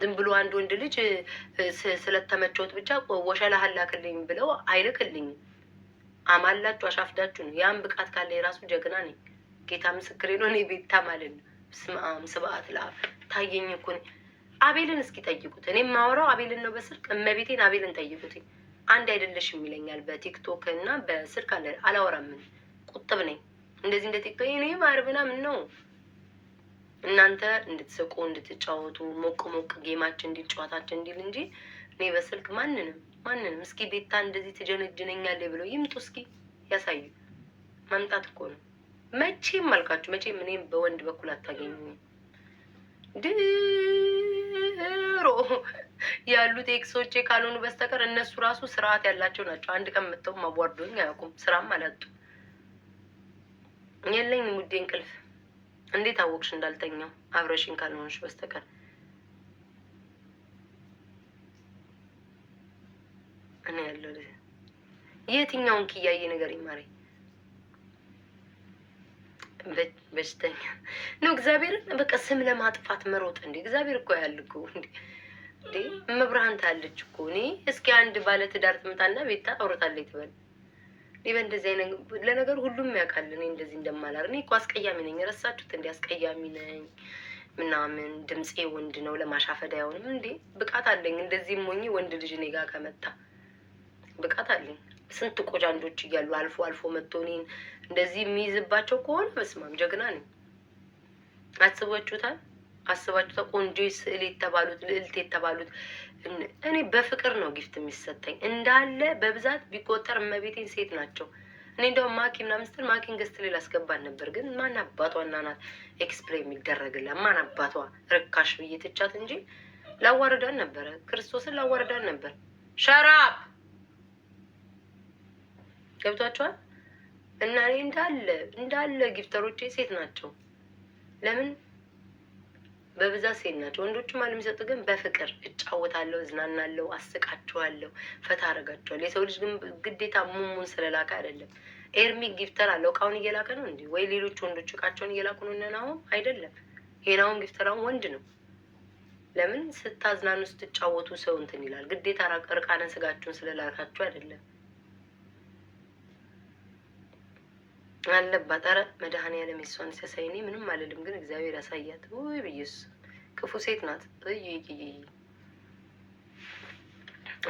ዝም ብሎ አንድ ወንድ ልጅ ስለተመቸውት ብቻ ወሸላህ አላክልኝ ብለው አይልክልኝም። አማላችሁ አሻፍዳችሁ ነው። ያን ብቃት ካለ የራሱ ጀግና ነኝ። ጌታ ምስክሬ ነው። እኔ ቤታ ማለት ነው። ስም ስብአት ለአብ ታየኝ እኮ ነኝ። አቤልን እስኪ ጠይቁት። እኔ የማወራው አቤልን ነው በስልክ እመቤቴን። አቤልን ጠይቁትኝ። አንድ አይደለሽም ይለኛል በቲክቶክ እና በስልክ አለ። አላወራምን ቁጥብ ነኝ እንደዚህ እንደ ቲክቶክ እኔ ማርብና ምን ነው እናንተ እንድትስቁ እንድትጫወቱ ሞቅ ሞቅ ጌማችን እንዲል ጨዋታችን እንዲል እንጂ እኔ በስልክ ማንንም ማንንም እስኪ ቤታ እንደዚህ ትጀነጅነኛለ ብለው ይምጡ እስኪ ያሳዩ። ማምጣት እኮ ነው። መቼም አልካችሁ መቼም እኔም በወንድ በኩል አታገኙኝም። ድሮ ያሉት ኤክሶቼ ካልሆኑ በስተቀር እነሱ ራሱ ስርዓት ያላቸው ናቸው። አንድ ቀን መጥተውም አቧርዶኝ አያውቁም። ስራም አላጡ የለኝም ውዴ እንቅልፍ እንዴት አወቅሽ እንዳልተኛው አብረሽኝ ካልሆንሽ በስተቀር? እኔ ያለው የትኛውን ክያዬ ነገር ይማሪ በሽተኛ ነው። እግዚአብሔርን በቃ ስም ለማጥፋት መሮጥ እንዴ! እግዚአብሔር እኮ ያል እኮ እንዴ! መብርሃን ታለች እኮ እኔ እስኪ አንድ ባለትዳር ትዳር ትምጣና ቤታ አውርታለች ትበል ሊበ እንደዚህ አይነት ለነገር ሁሉም ያውቃል። እኔ እንደዚህ እንደማላር እኔ እኮ አስቀያሚ ነኝ። የረሳችሁት እንዲ አስቀያሚ ነኝ ምናምን ድምፄ ወንድ ነው ለማሻፈድ አይሆንም እንዴ? ብቃት አለኝ። እንደዚህም ሞኝ ወንድ ልጅ እኔ ጋር ከመጣ ብቃት አለኝ። ስንት ቆጃንጆች እያሉ አልፎ አልፎ መጥቶ እኔን እንደዚህ የሚይዝባቸው ከሆነ መስማም ጀግና ነኝ። አስቦችሁታል? አስባችሁ ቆንጆ ስዕል የተባሉት ልዕልት የተባሉት እኔ በፍቅር ነው ጊፍት የሚሰጠኝ እንዳለ በብዛት ቢቆጠር እመቤቴን ሴት ናቸው። እኔ እንደውም ማኪ ምናምን ስትል ማኪን ገዝት ላይ ላስገባን ነበር፣ ግን ማን አባቷ እናናት ኤክስፕሬ የሚደረግላት ማን አባቷ ርካሽ ብዬ ትቻት እንጂ ላዋርዳን ነበረ፣ ክርስቶስን ላዋርዳን ነበር። ሸራብ ገብቷቸዋል። እና እኔ እንዳለ እንዳለ ጊፍተሮቼ ሴት ናቸው ለምን በብዛት ሴት ናቸው። ወንዶችም የሚሰጡ ግን በፍቅር እጫወታለሁ፣ እዝናናለሁ፣ አስቃችኋለሁ፣ ፈታ አረጋችኋለሁ። የሰው ልጅ ግን ግዴታ ሙሙን ስለላከ አይደለም። ኤርሚ ጊፍተር አለው እቃውን እየላከ ነው እንዲ ወይ ሌሎች ወንዶች እቃቸውን እየላኩ ነው። ነናሁን አይደለም። ሄናሁን ጊፍተራውን ወንድ ነው። ለምን ስታዝናኑ ስትጫወቱ ሰው እንትን ይላል። ግዴታ እርቃነ ስጋችሁን ስለላካችሁ አይደለም። አለባት። ኧረ መድኃኒዓለም የሷን ሲያሳይ እኔ ምንም አልልም፣ ግን እግዚአብሔር ያሳያት። ውይ ብዬሽ ክፉ ሴት ናት።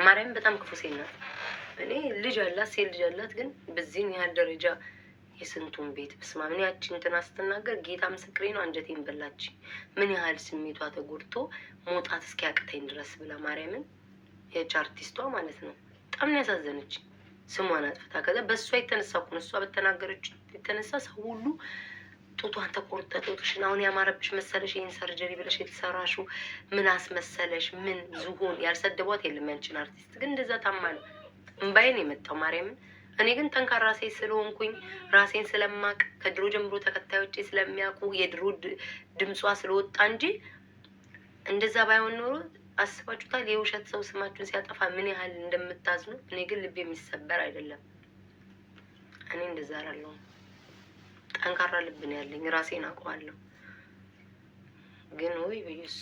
ማርያም በጣም ክፉ ሴት ናት። እኔ ልጅ አላት፣ ሴት ልጅ አላት፣ ግን በዚህን ያህል ደረጃ የስንቱን ቤት በስመ አብ። እኔ ያቺን እንትና ስትናገር ጌታ ምስክሬ ነው፣ አንጀቴን በላች። ምን ያህል ስሜቷ ተጎድቶ መውጣት እስኪያቅተኝ ድረስ ብላ ማርያምን ያቺ አርቲስቷ ማለት ነው በጣም ነው ያሳዘነች። ስሟን አጥፍታ ከዛ በእሷ የተነሳ እኮ ነው እሷ በተናገረች የተነሳ ሰው ሁሉ ጡቷን ተቆርጠ ጡትሽን አሁን ያማረብሽ መሰለሽ ይህን ሰርጀሪ ብለሽ የተሰራሹ ምን አስመሰለሽ ምን ዝሆን ያልሰደቧት የለም ያንችን አርቲስት ግን እንደዛ ታማ ነው እምባዬን የመጣው ማርያምን እኔ ግን ጠንካራ ሴት ስለሆንኩኝ ራሴን ስለማቅ ከድሮ ጀምሮ ተከታዮቼ ስለሚያውቁ የድሮ ድምጿ ስለወጣ እንጂ እንደዛ ባይሆን ኖሮ አስባችሁታል? የውሸት ሰው ስማችሁን ሲያጠፋ ምን ያህል እንደምታዝኑ። እኔ ግን ልብ የሚሰበር አይደለም። እኔ እንደዛ አላለሁም። ጠንካራ ልብ ነው ያለኝ። ራሴን አውቀዋለሁ። ግን ወይ በየሱ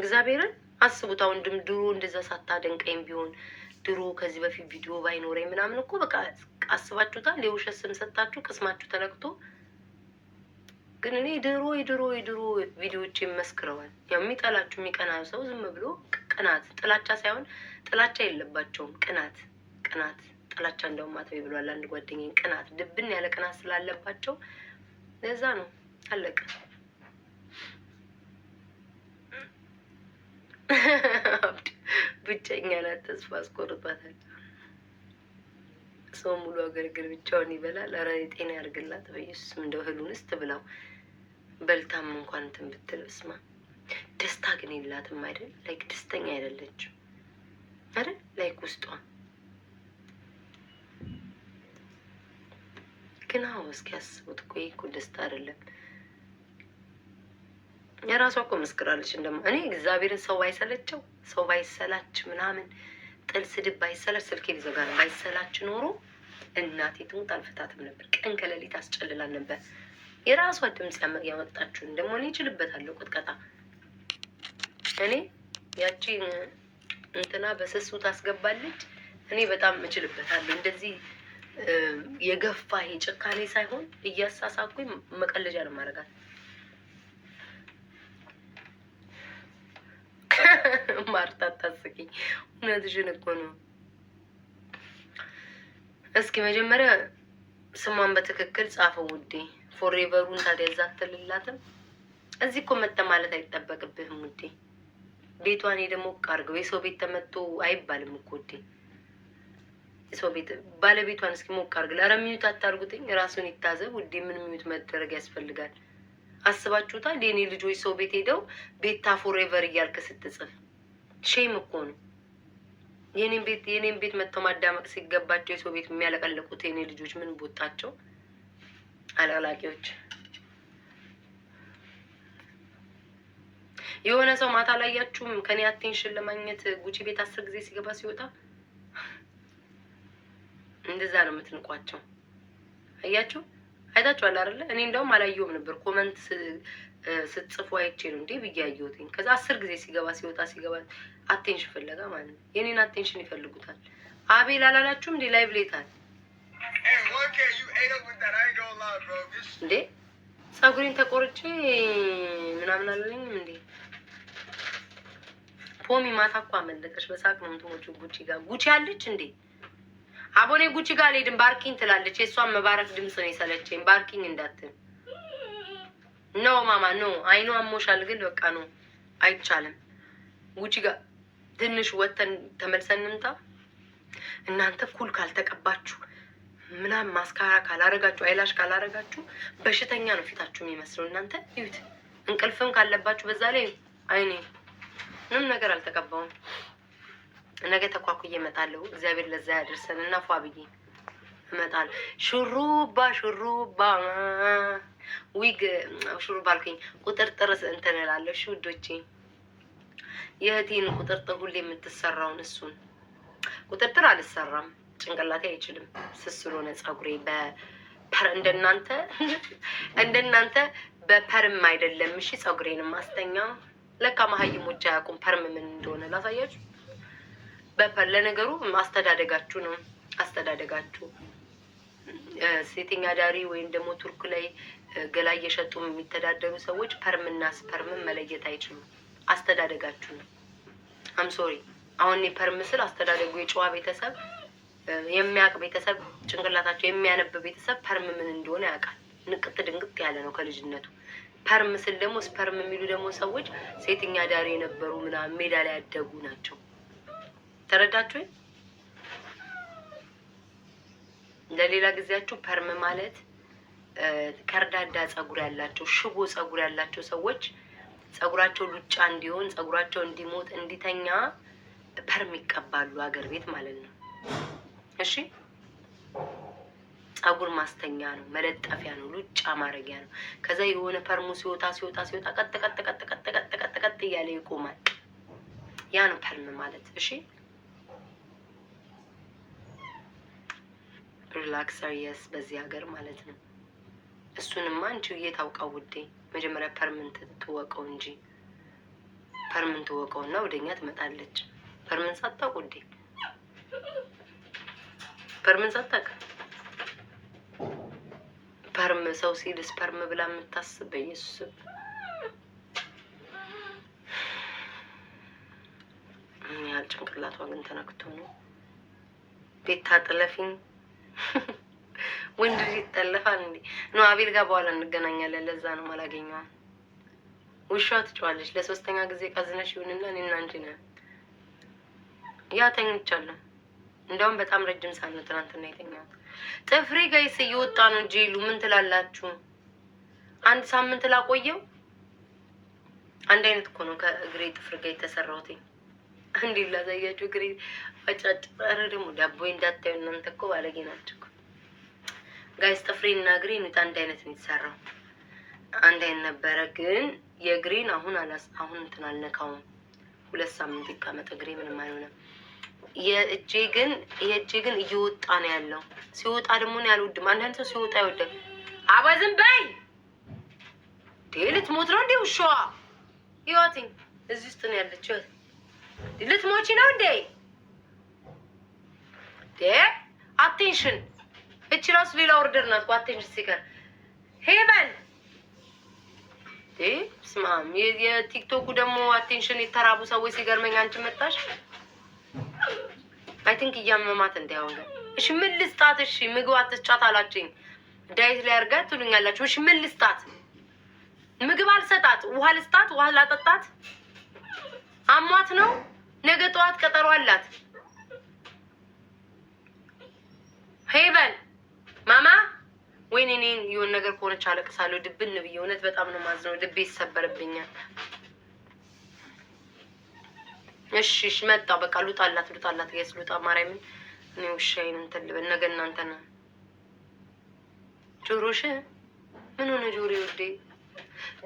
እግዚአብሔርን አስቡት። አሁን ድም ድሮ እንደዛ ሳታደንቀኝ ቢሆን ድሮ ከዚህ በፊት ቪዲዮ ባይኖረኝ ምናምን እኮ በቃ አስባችሁታል? የውሸት ስም ሰጣችሁ ቅስማችሁ ተለቅቶ ግን እኔ ድሮ የድሮ የድሮ ቪዲዮዎች ይመስክረዋል። ያው የሚጠላችሁ የሚቀና ሰው ዝም ብሎ ቅናት፣ ጥላቻ ሳይሆን ጥላቻ የለባቸውም። ቅናት ቅናት ጥላቻ እንደውም ማተቤ ብሏል አንድ ጓደኛ። ቅናት ድብን ያለ ቅናት ስላለባቸው ለዛ ነው አለቀ። ብቸኛ ናት፣ ተስፋ አስቆርጧታል። ሰው ሙሉ አገርግር ብቻውን ይበላል። ኧረ ጤና ያርግላት በኢየሱስም እንደው እህሉንስ ትብላው። በልታም እንኳን እንትን ብትል ብስማ ደስታ ግን የላትም አይደል? ላይክ ደስተኛ አይደለችም አይደል? ላይክ ውስጧ ግን አሁ እስኪ ያስቡት እኮ ይሄ እኮ ደስታ አይደለም። የራሷ እኮ መስክራለች። እንደማ እኔ እግዚአብሔርን ሰው ባይሰለቸው ሰው ባይሰላች ምናምን ጥል ስድብ ባይሰለች ስልኬ ሊዘጋ ባይሰላች ኖሮ እናቴ ትሙት አልፈታትም ነበር። ቀን ከሌሊት አስጨልላል ነበር። የራሷ ድምፅ ያወጣችሁን ደግሞ እኔ እችልበታለሁ ቁጥቀጣ። እኔ ያቺ እንትና በስሱ ታስገባለች። እኔ በጣም እችልበታለሁ እንደዚህ የገፋ የጭካኔ ሳይሆን እያሳሳኩኝ መቀለጃ ነው ማድረጋት። ማርታ አታስቂኝ፣ እውነትሽን እኮ ነው። እስኪ መጀመሪያ ስሟን በትክክል ጻፈው ውዴ። ፎሬቨሩ ታዲያ እዛ አትልላትም? እዚህ እኮ መጠ ማለት አይጠበቅብህም ውዴ። ቤቷን ደግሞ ቃርገው የሰው ቤት ተመቶ አይባልም እኮ ውዴ። የሰው ቤት ባለቤቷን እስኪ ሞቅ አርግ። ኧረ ሚዩት አታርጉትኝ፣ ራሱን ይታዘ ውዴ። ምን ሚዩት መደረግ ያስፈልጋል? አስባችሁታ የኔ ልጆች ሰው ቤት ሄደው ቤታ ፎሬቨር እያልክ ስትጽፍ ሼም እኮ ነው። የኔን ቤት የኔን ቤት መጥተው ማዳመቅ ሲገባቸው የሰው ቤት የሚያለቀለቁት የኔ ልጆች ምን ቦታቸው አላላቂዎች የሆነ ሰው ማታ አላያችሁም? ከኔ አቴንሽን ለማግኘት ጉቺ ቤት አስር ጊዜ ሲገባ ሲወጣ እንደዛ ነው የምትንቋቸው። አያችሁ አይታችኋል አይደለ? እኔ እንደውም አላየሁም ነበር ኮመንት ስትጽፉ አይቼ ነው እንዴ ብዬ አየሁትኝ። ከዛ አስር ጊዜ ሲገባ ሲወጣ ሲገባ አቴንሽን ፍለጋ ማለት ነው። የኔን አቴንሽን ይፈልጉታል። አቤል አላላችሁም እንዴ ላይቭ ሌታል እንዴ ጸጉሬን ተቆርጬ ምናምን አለኝም እንዴ ፖሚ ማታ እኮ አመለጠች። በሳቅ ነው እንትኖቹ ጉቺ ጋር ጉቺ አለች እንዴ አቦኔ ጉቺ ጋር አልሄድም ባርኪኝ ትላለች። የእሷን መባረክ ድምፅ ነው የሰለቸኝ። ባርኪኝ እንዳትል ኖ ማማ ኖ አይኑ አሞሻል፣ ግን በቃ ነው አይቻልም። ጉቺ ጋር ትንሽ ወተን ተመልሰን እንምጣ። እናንተ ኩል ካልተቀባችሁ ምናምን ማስካራ ካላረጋችሁ አይላሽ ካላረጋችሁ በሽተኛ ነው ፊታችሁ የሚመስለው። እናንተ ይዩት። እንቅልፍም ካለባችሁ በዛ ላይ አይኔ ምንም ነገር አልተቀባውም። ነገ ተኳኩዬ እመጣለሁ። እግዚአብሔር ለዛ ያደርሰን እና ፏ ብዬ እመጣለሁ። ሹሩባ ሹሩባ ዊግ ሹሩባ አልኩኝ። ቁጥርጥር እንትን እላለሁ። እሺ ውዶቼ፣ የእህቴን ቁጥርጥር ሁሌ የምትሰራውን እሱን ቁጥርጥር አልሰራም ጭንቅላቴ አይችልም። ስስሎ ነ ፀጉሬ በፐር እንደናንተ እንደናንተ በፐርም አይደለም። እሺ ፀጉሬን ማስተኛ ለካ መሀይሞች አያውቁም ፐርም ምን እንደሆነ ላሳያችሁ። በፐር ለነገሩ አስተዳደጋችሁ ነው አስተዳደጋችሁ ሴተኛ ዳሪ ወይም ደግሞ ቱርክ ላይ ገላ እየሸጡ የሚተዳደሩ ሰዎች ፐርምና ስፐርምን መለየት አይችሉም። አስተዳደጋችሁ ነው። አም ሶሪ አሁን ፐርም ስል አስተዳደጉ የጨዋ ቤተሰብ የሚያውቅ ቤተሰብ ጭንቅላታቸው የሚያነብ ቤተሰብ ፐርም ምን እንደሆነ ያውቃል። ንቅጥ ድንቅት ያለ ነው ከልጅነቱ። ፐርም ስል ደግሞ ስፐርም የሚሉ ደግሞ ሰዎች ሴትኛ ዳሪ የነበሩ ምናምን ሜዳ ላይ ያደጉ ናቸው። ተረዳችሁኝ? ለሌላ ጊዜያችሁ ፐርም ማለት ከርዳዳ ጸጉር ያላቸው ሽቦ ጸጉር ያላቸው ሰዎች ጸጉራቸው ሉጫ እንዲሆን ጸጉራቸው እንዲሞት እንዲተኛ ፐርም ይቀባሉ፣ ሀገር ቤት ማለት ነው። እሺ ጸጉር ማስተኛ ነው፣ መለጠፊያ ነው፣ ሉጫ ማድረጊያ ነው። ከዛ የሆነ ፐርሙ ሲወጣ ሲወጣ ሲወጣ ቀጥ ቀጥ ቀጥ ቀጥ ቀጥ ቀጥ ቀጥ እያለ ይቆማል። ያ ነው ፐርም ማለት። እሺ ሪላክሰር የስ በዚህ ሀገር ማለት ነው። እሱንማ አንቺ እየታውቀው ውዴ፣ መጀመሪያ ፐርምንት ትወቀው እንጂ ፐርምንት ትወቀውና ወደኛ ትመጣለች። ፐርምንት ሳታውቅ ውዴ ፐርምን ሳታውቅ ፐርም ሰው ሲልስ ፐርም ብላ የምታስብ በኢየሱስ ምን ያህል ጭንቅላቷ ግን ተነክቶ ነው። ቤት ታጥለፊኝ ወንድ ልጅ ይጠለፋል እንዴ? ነው አቤል ጋር በኋላ እንገናኛለን። ለዛ ነው አላገኘዋል። ውሻ ትጫዋለች። ለሶስተኛ ጊዜ ቀዝነሽ ይሁንና እኔና አንቺ ነን። ያ ተኝቻለሁ እንደውም በጣም ረጅም ሰዓት ነው ትናንትና የተኛሁት። ጥፍሬ ጋይስ እየወጣ ነው ጄሉ። ምን ትላላችሁ? አንድ ሳምንት ላቆየው። አንድ አይነት እኮ ነው ከእግሬ ጥፍር ጋር የተሰራሁትኝ። እንዲ ላሳያችሁ፣ እግሬ አጫጭ። ኧረ ደግሞ ዳቦ እንዳታዩ እናንተ እኮ ባለጌ ናችሁ ጋይስ። ጥፍሬና እግሬ አንድ አይነት ነው የተሰራው። አንድ አይነት ነበረ፣ ግን የእግሬን አሁን አሁን እንትን አልነካውም። ሁለት ሳምንት ይቀመጥ እግሬ ምንም አይሆንም። የእጄ ግን የእጄ ግን እየወጣ ነው ያለው። ሲወጣ ደግሞ ነው ያልወድም። አንዳንድ ሰው ሲወጣ ይወዳል። አባ ዝም በይ ልትሞት ነው እንዴ? ውሻዋ ህይወትኝ እዚህ ውስጥ ነው ያለችው። ልትሞቺ ነው እንዴ? ዴ አቴንሽን እቺ ራሱ ሌላ ኦርደር ናት። አቴንሽን ሲቀር ሄበን ስማም የቲክቶኩ ደግሞ አቴንሽን የተራቡ ሰዎች ሲገርመኝ አንቺ መጣሽ ቲንክ እያመማት እንዲ አሁን እሺ ምን ልስጣት? እሺ ምግብ አትስጫት አላችኝ። ዳይት ላይ አርጋ ትሉኛላችሁ። እሺ ምን ልስጣት? ምግብ አልሰጣት፣ ውሃ ልስጣት፣ ውሃ ላጠጣት። አሟት ነው። ነገ ጠዋት ቀጠሮ አላት። ሄቨን ማማ፣ ወይኔ እኔን የሆነ ነገር ከሆነች አለቅሳለሁ። ድብን ብዬ እውነት በጣም ነው ማዝነው። ልቤ ይሰበርብኛል። እሺ እሺ፣ መጣ በቃ ሉጣ አላት ሉጣ አላት ጋይስ ሉጣ ማርያምን እኔ ውሻዬን እንትን ልበል ነገ እናንተ ነው ጆሮሽ ምን ሆነ ጆሪ ወዴ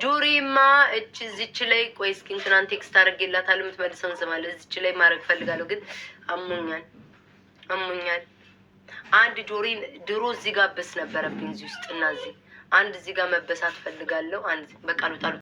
ጆሪማ እች እዚች ላይ ቆይ እስኪ እንትናን ቴክስት አድርጌላታል የምትመልሰውን ስማለ እዚች ላይ ማድረግ ፈልጋለሁ ግን አሞኛል አሞኛል አንድ ጆሪ ድሮ እዚህ ጋር በስ ነበረብኝ እዚህ ውስጥ እና እዚህ አንድ እዚህ ጋር መበሳት ፈልጋለሁ አንድ በቃ ሉጣ